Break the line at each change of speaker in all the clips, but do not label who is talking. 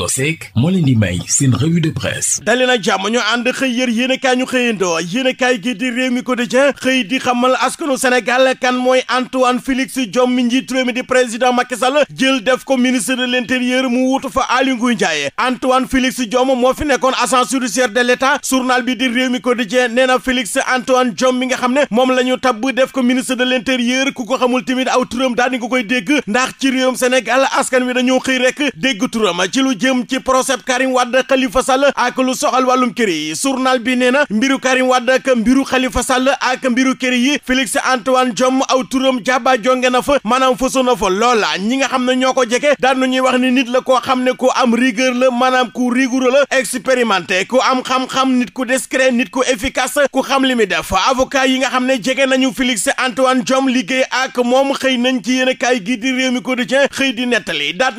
Gosek moo leen di may seen revue de presse dali na jàmm ñu ànd xëy yër yéen a kaay ñu xëyandoo yéen a kaay gi di réew mi quotidien xëy di xamal askanu Sénégal kan mooy Antoine Félix Diome mi njiit réew mi di président Macky Sall jël def ko ministre de l'intérieur mu wuutu fa Aly Ngouille Ndiaye Antoine Félix Diome moo fi nekkoon agent judiciaire de l'État journal bi di réew mi quotidien nee na Félix Antoine Diome mi nga xam ne moom la ñu tabb def ko ministre de l'intérieur ku ko xamul tamit aw turam daal di koy dégg ndax ci réewum Sénégal askan wi dañoo xëy rek dégg turam ci lu jëm ci procès Karim Wade Khalifa Sall ak lu soxal wàllum kër yi journal bi nee na mbiru Karim Wade ak mbiru Khalifa Sall ak mbiru kër yi Félix Antoine Diome aw turam jaba jonge na fa maanaam fasu na fa loola ñi nga xam ne ñoo ko jege daan nañuy wax ni nit la koo xam ne ku am rigueur la maanaam ku rigoureux la expérimenté ku am xam-xam nit ku discret nit ku efficace ku xam li muy def avocat yi nga xam ne jege nañu Félix Antoine Diome liggéey ak moom xëy nañ ci a kaay gi di réew mi quotidien xëy di nettali daat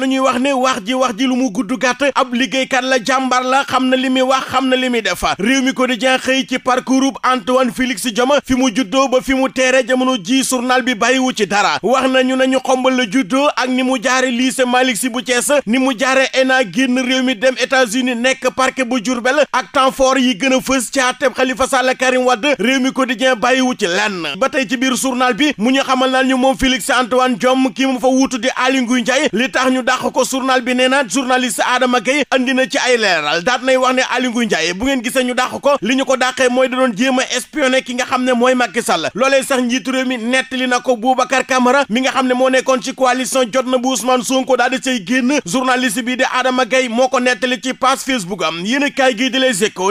gàtt ab liggéeykat la jàmbar la xam na li muy wax xam na li muy def réew mi quotidien xëy ci parcours Antoine Félix Diome fi mu juddoo ba fi mu teere jamono ji journal bi bàyyiwu ci dara wax nañu nañu xombal la juddoo ak ni mu jaare lycée Malick Sy bu Thiès ni mu jaare ENA génn réew mi dem États-Unis nekk parquet bu jur Diourbel ak temps fort yi gën a fës ci àtteb Khalifa Sall Karim Wade réew mi quotidien bàyyiwu ci lenn ba tey ci biir journal bi mu ñu xamal naan ñu moom Félix Antoine Diome kii mu fa wuutu di Aly Ngouille Ndiaye li tax ñu dàq ko journal bi nee na journaliste Maître Adama Gueye andi na ci ay leeral daat nay wax ne Aly Ngouille Ndiaye bu ngeen gisee ñu dàq ko li ñu ko dàqee mooy da doon jéem a espionné ki nga xam ne mooy Macky Sall loolee sax njiitu réew mi nettali na ko Boubacar Camara mi nga xam ne moo nekkoon ci coalition jot na bu Ousmane Sonko daal di cay génn journaliste bi di Adama Gueye moo ko nettali ci page Facebook am yéen a kaay gii di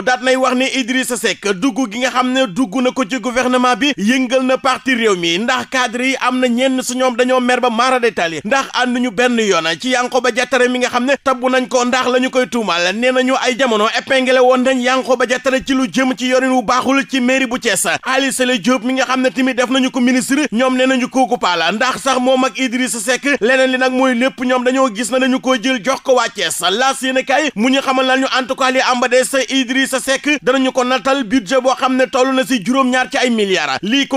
daat nay wax ne Idrissa Seck dugg gi nga xam ne dugg na ko ci gouvernement bi yëngal na parti réew mi ndax cadre yi am na ñenn su dañoo mer ba mara détaillé ndax ànd ñu benn yoon ci Yankhoba Diattara mi nga xam ne tabbu na nañ ko ndax la ñu koy tuumal nee nañu ay jamono épinglé woon nañ Yankhoba Diattara ci lu jëm ci yorin wu baaxul ci mairie bu Thiès Aly Sele mi nga xam ne tamit def nañu ko ministre ñoom nee nañu kooku paala ndax sax moom ak Idrissa Seck leneen li nag mooy lépp ñoom dañoo gis na dañu ko jël jox ko waa Thiès laas yéen kay mu ñu xamal nañu en tout cas li amba des Idrissa Seck danañu ko natal budget xam ne toll na si juróom-ñaar ci ay milliards lii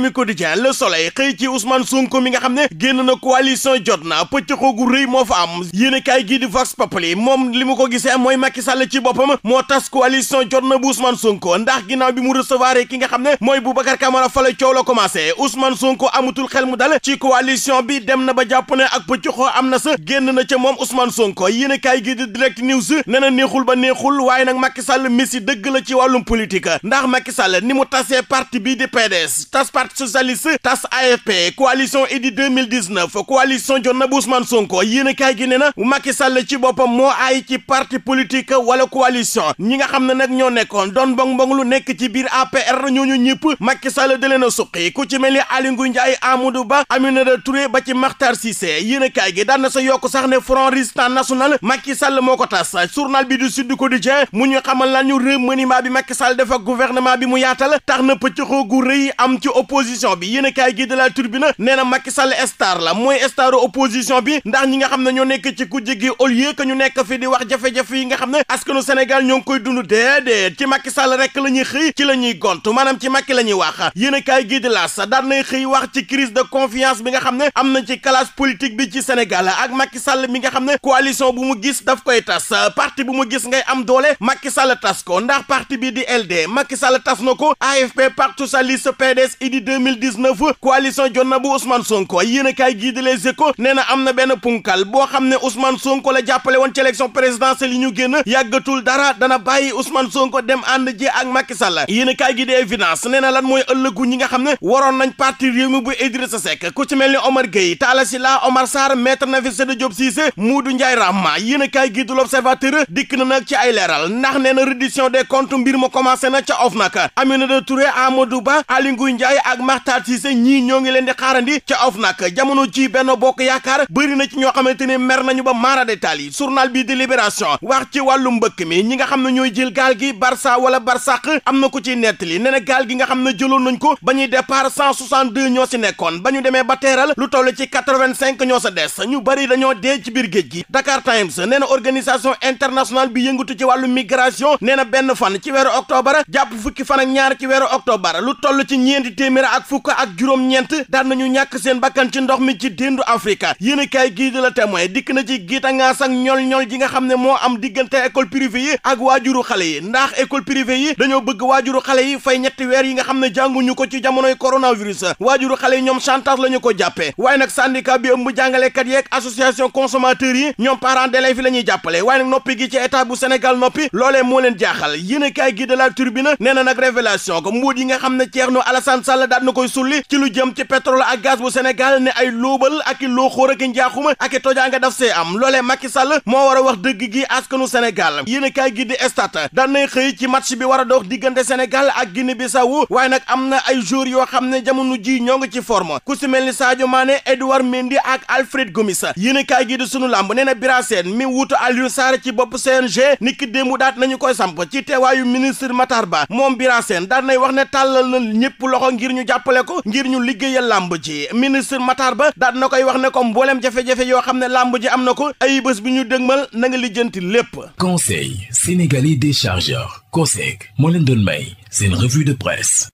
mi quotidien le soleil xëy ci Ousmane Sonko mi xam ne génn na na pëcc xoogu rëy moo fa am yéen kay Vox Populi moom li mu ko gisee mooy Macky Sall ci boppam moo tas coalition jot na bu Ousmane Sonko ndax ginnaaw bi mu recevoir ki nga xam ne mooy Boubacar Camara fale coow la commencé Ousmane Sonko amatul xel mu dal ci coalition bi dem na ba jàpp ne ak pëccëxoo am na sa génn na ca moom usman Sonko yéen a kaay gi di direct news nee na neexul ba neexul waaye nag Macky Sall messi dëgg la ci wàllum politique ndax Macky Sall ni mu tasee parti bii di PDS tas parti socialiste tas AFP coalition Idy 2019 coalition jot na bu Ousmane Sonko yéen a kaay na Macky Sall ci boppam moo aay ci parti politique wala coalition ñi nga xam ne nag ñoo nekkoon doon mbong mbong lu nekk ci biir APR ñooñu ñëpp Macky Sall da leen a suqi ku ci mel ni Aly Ngouille Ndiaye Amadou Ba Aminata Touré ba ci Makhtar Cissé yéen a gi daan sa yokk sax ne Front Résistance ma Macky Sall moo ko tas journal bi du Sud Quotidien mu ñu xamal lan ñu remaniement bi Macky Sall def ak bi mu yaatal tax na pëccëxoo gu rëy am ci opposition bi yéen a gi de la Tribune nee na Macky Sall star la mooy staru opposition bi ndax ñi nga xam ne ñoo nekk ci kujje gi lieu ñu nekk fi di wax jafe-jafe yi nga xam ne askanu Sénégal ñoo ngi koy dund déedéet ci Macky Sall la ñuy xëy ci la ñuy gont maanaam ci Macky la ñuy wax yéen a kaay gii di laas daan nay wax ci crise de confiance bi nga xam ne am na ci classe politique bi ci Sénégal ak Macky Sall mi nga xam ne coalition bu mu gis daf koy tas parti bu mu gis ngay am doole Macky Sall tas ko ndax parti bi di LD Macky Sall tas na ko AFP Parti socialiste PDS idi 2019 coalition jot na bu Ousmane Sonko yéen a kaay gii di les échos nee am na benn punkal boo xam ne Ousmane Sonko la jàppale woon ci élection présidentielle yi ñu génn yàggatul dara dana bàyyi Ousmane Sonko dem ànd ji ak Macky Sall yéen kaay gi di évidence nee na lan mooy ëllëgu ñi nga xam ne waroon nañ parti Rewmi bu Idrissa Seck ku ci mel ni Omar Gueye Talla Sylla Omar Sarr Maître Nafissa Diop Cissé Modou Ndiaye Rahma yéen kaay gi du l'Observateur dikk na nag ci ay leeral ndax nee na reddition des comptes mbir ma commencé na ca OFNAC Aminata Touré Amadou Ba Aly Ngouille Ndiaye ak Makhtar Cissé ñii ñoo ngi leen di xaarandi ca OFNAC jamono ji Benno Bokk Yaakaar bëri na ci ñoo xamante ni mer nañu ba maara yi surnal bi di libération wax ci wàllum mbëkk mi ñi nga xam ne ñooy jil gaal gi Barça wala Barsaq am na ku ci nettali nee na gaal gi nga xam ne jëloon nañ ko ba ñuy départ 162 ñoo si nekkoon ba ñu demee ba teeral lu toll ci 85 ñoo sa des ñu bëri dañoo dee ci biir géej gi Dakar Times nee na organisation internationale bi yëngatu ci wàllu migration nee na benn fan ci weeru octobre jàpp fukki fan ak ñaar ci weeru octobre lu toll ci ñeenti téeméer ak fukk ak juróom-ñeent daan nañu ñàkk seen bakkan ndox mi ci déndu Afrique yéen a kaay gii la témoin dikk na ci giita ngaas ak ñol-ñol ji nga xam ne moo am diggante école privée yi ak waajuru xale yi ndax école privée yi dañoo bëgg waajuru xale yi fay ñetti weer yi nga xam ne jànguñu ko ci jamonoy coronavirus waajuru xale yi ñoom chantage la ñu ko jàppe waaye nag syndicat bi ëmb jàngalekat yeeg association consommateurs yi ñoom parents d'élèves yi la ñuy jàppale waaye nag noppi gi ci état bu Sénégal noppi loolee moo leen jaaxal yéen ne kaay gi de la turbine nee na nag révélation ko mbuut yi nga xam ne Thierno Alassane Sall daat na koy sulli ci lu jëm ci pétrole ak gaz bu Sénégal ne ay lóobal loo xóor ak i ak i tojaanga daf see am loolee Macky Sall moo war a wax dëgg gi askanu Sénégal yéen a kaay gi di Stades nay xëy ci match bi war a dox diggante Sénégal ak Guinée Bissau waaye nag am na ay joueurs yoo xam ne jamono ji ñoo ngi ci forme ku si mel ni Sadio Mané Edouard Mendy ak Alfred Gomis yéen a kaay gi di sunu làmb nee na Bira Sène mi wuutu Aliou Sarr ci bopp CNG ni ki démb daat nañu koy samp ci teewaayu ministre Matar Ba moom Bira Sène daan nay wax ne tàllal na ñëpp loxo ngir ñu jàppale ko ngir ñu liggéeyal làmb ji ministre Matar Ba daat na koy wax ne ko mboolem jafe-jafe yoo xam ne làmb ji am na ko ay bés bi ñu dëgmal na nga lijjanti lépp. conseil sénégalais des chargeurs COSEC moo leen doon may seen revue de presse.